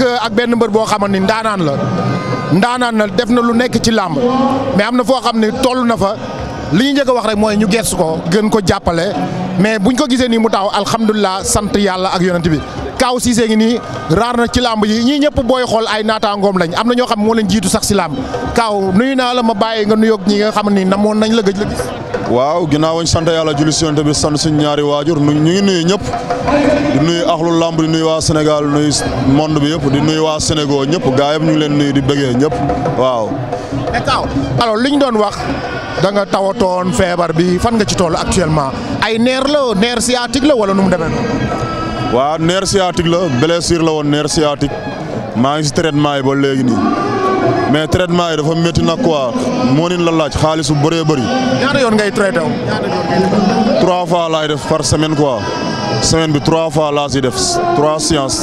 Euh, ak benn mbër boo xamante ni ndaanaan la ndaanaan na def na lu nekk ci làmb mais am na foo xam ne toll na fa li ñu njëkk a wax rek mooy ñu gëstu ko gën ko jàppale mais bu buñ ko gisee nii mu taxaw alhamdulilah sant yàlla ak yonent bi. Kaaw Cissé ngi nii raar na ci làmb yi ñii ñëpp booy xool ay naataangoom lañ am na ñoo xam moo leen jiitu sax si làmb Kaaw nuyu naa la ma bàyyi nga nuyoog ñi nga xam ni namoon nañ la gëj la gis. waaw ginnaaw ñu sant yàlla julli si yonent bi sant suñu ñaari waajur ñu ngi nuyu ñëpp di nuyu axlu lamb di nuyu waa Sénégal nuyu monde bi yëpp di nuyu waa Sénégal ñëpp gaa yëpp ñu ngi leen nuy di bëggee ñëpp waaw. mais Kaaw alors li ñu doon wax da nga tawatoon feebar bi fan nga ci toll actuellement ay neer la neer sciatique la wala nu mu demee waaw nerf sciatique la blessure la woon nerf sciatique maa ngi si traitement yi ba léegi nii mais traitement yi dafa métti nag quoi moo nin la laaj xaalis bu bëree bëri. ñaata yoon ngay traité fois laay def par semaine quoi semaine bi trois fois laa si def trois séances.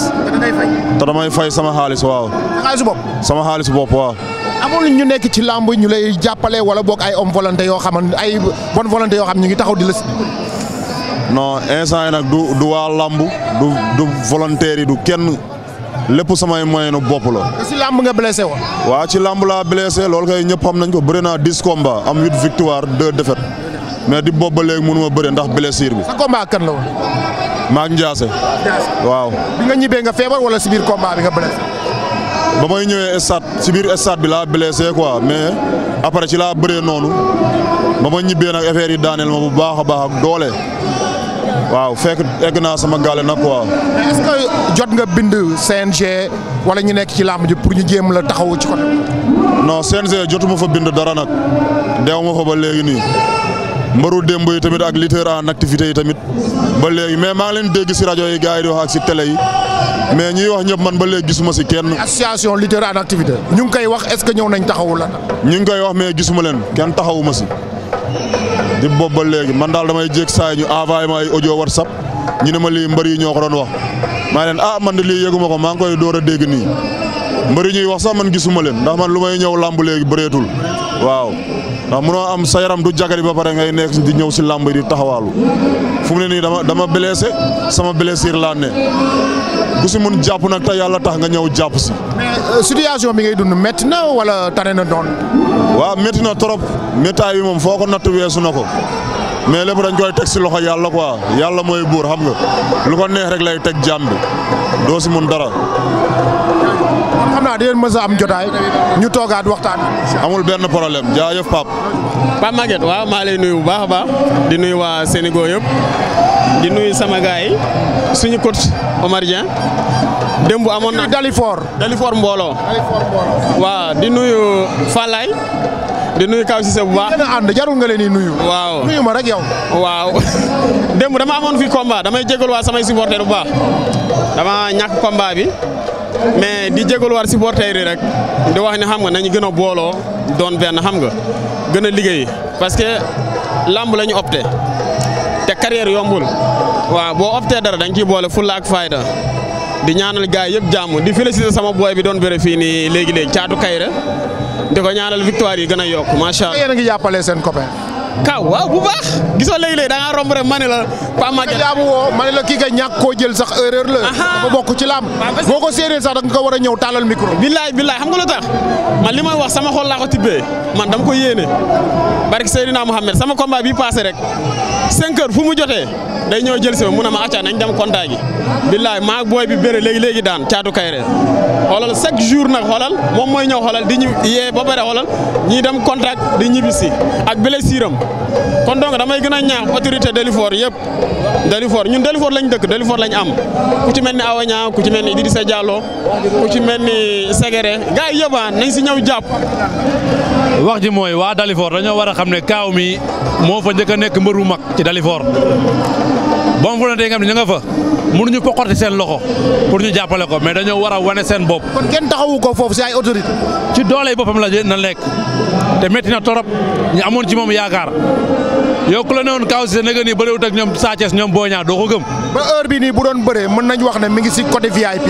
te damay fay sama xaalis waaw. xaalis bopp. sama xaalis bopp waaw. amul ñu nekk ci làmb ñu lay jàppale wala boog ay om volonté yoo xam ay bonne volonté yoo xam ñu ngi taxaw di la. non instant yi nag du du waa làmb du du volontaire du kenn lépp samay moyenu bopp la. ci làmb nga blessé waa waaw ci làmb laa blessé lool kay ñëpp xam nañ ko bëri naa dix combats am huit victoire deux défaites mais di bopp mënu ma bëre ndax blessure bi. sa combat la woon. maag Ndiasse. waaw. bi nga ñibbee nga feebar walla ci biir combat bi nga blessé. ba may ñëwee stade ci biir stade bi laa blessé quoi mais après ci laa bëree noonu ba ma ñibbee nag affaire yi daaneel ma bu baax a baax doole. waaw fekk egg naa sama gaale nag waaw. mais jot nga bind CNG wala ñu nekk ci làmb ji pour ñu jéem la taxawu ci côté. non CNG jotuma fa bind dara nag deew ma fa ba léegi nii mbaru démb yi tamit ak lutteur en activité yi tamit ba léegi mais maa ngi leen dégg si rajo yi gars yi di wax ak si télé yi mais ñuy wax ñëpp man ba léegi gisuma si kenn. association lutteur en activité. ñu ngi koy wax est-ce que ñëw nañ taxawu la. ñu ngi koy wax mais gisuma leen kenn taxawuma si. di boobu ba léegi man daal damay jéeg saay ñu envoyé ma ay audio whatsapp ne ma lii mbër yi ñoo ko doon wax maa leen ah man de lii yëgu ko maa ngi koy door a dégg nii mbër yi ñuy wax sax man gisuma leen ndax man lu may ñëw làmb léegi bareetul waaw. ndax mënoo am sa yaram du jagari ba pare ngay nekk di ñëw si làmb yi di taxawaalu fu mu ne nii dama dama blessé sama blessure laa ne ku si mun jàpp na te yàlla tax nga ñëw jàpp si. mais euh, situation bi ngay dund métti na wala tane na doon. waaw métti na trop méttaay bi moom foo ko natt weesu na ko mais lépp dañ koy teg si loxo yàlla ko yàlla mooy buur xam nga lu ko neex rek lay teg jàmm doo si mun dara. xam naa di leen mës am jotaay ñu toogaat waxtaan. amul benn problème jaajëf Pape. Pape Maguette waaw maa lay nuyu bu baax baax di nuyu waa Sénégal yëpp di nuyu sama gaay yi suñu coach Omar Dieng démb amoon na Dalifor Dalifor mbooloo waaw di nuyu Falaye di nuyu kaw si sa bu baax. jarul nga leen di nuyu. waaw nuyu dama amoon fi combat damay jégalu waa samay supporter bu baax dama ñàkk combat mais di jégaluwaat supporters yi rek di wax ne xam nga nañu gën a booloo doon benn xam nga gën a liggéey parce que làmb la ñu opté te carrière yombul waa boo opté dara dañ ciy boole fu ak fayda di ñaanal gaay yëpp jàmm di féliciter sama booy bi doon bëre fii ni léegi-léegi caatu kayre di ko ñaanal victoire yi gën a yokk macha allah. yéen a seen copain. kaw waaw bu baax gisoo léegi-léegi da romb rek ma ne la Pa Maguette ma la kii nga ñàkk koo jël sax erreur la dafa bokk ci laam boo ko séenee sax da nga ko war a ñëw tàllal micro billaay billaay xam nga lu tax man li may wax sama xol laa ko tibbee man dama ko yéene barke Seydina Mohamed sama combat bi passé rek cinq heures fu mu jotee day ñëw jël si ma mun a ma acca nañ dem contact gi billaay maa booy bi bëre léegi léegi daan caatu kayre xoolal chaque jour nag xoolal moom mooy ñëw xoolal di ñu yee ba pare xoolal ñii dem contact di ñibbisi ak blessuram kon donc damay gën a ñaax autorité Dalifort yëpp Dalifort ñun Dalifort lañ dëkk Dalifort lañ am ku ci mel ni Awa ku ci mel ni Idrissa Diallo ku ci mel ni Ségéré gars yi yëpp ah, nañ si ñëw jàpp. wax ji mooy waa Dalifort dañoo war a xam ne kaaw mi moo fa njëkk a nekk mbër bu mag ci Dalifort. bonne volonté yi nga xam ne ñu nga fa mënuñu poqati seen loxo pour ñu jàppale ko mais dañoo war a wane seen bopp. kon kenn taxawu ko foofu si ay autorité ci doole yi boppam la na lekk te métti na torop ñu amoon ci moom yaakaar yow ku la ne woon Kaw Cissé nag nii bëriwut ak ñoom Sa Thiès ñoom Boy Niang doo ko gëm. ba heure bi nii bu doon bëree mën nañ wax ne mi ngi si côté VIP.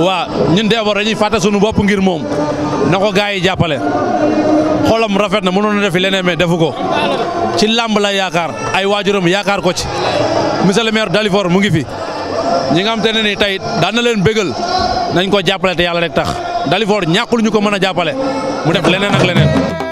waaw ñun d'abord dañuy fàtte suñu bopp ngir moom na ko gars yi jàppale xolam rafet na mënoon noonu def leneen mais defu ko ci làmb la yaakaar ay waajuram yaakaar ci. monsieur le maire Dalifort mu ngi fi ñi nga xam te ne ni tey daan na leen bégal nañ ko jàppale te yàlla rek tax Dalifort ñàkkul ñu ko mën a jàppale mu def leneen ak leneen.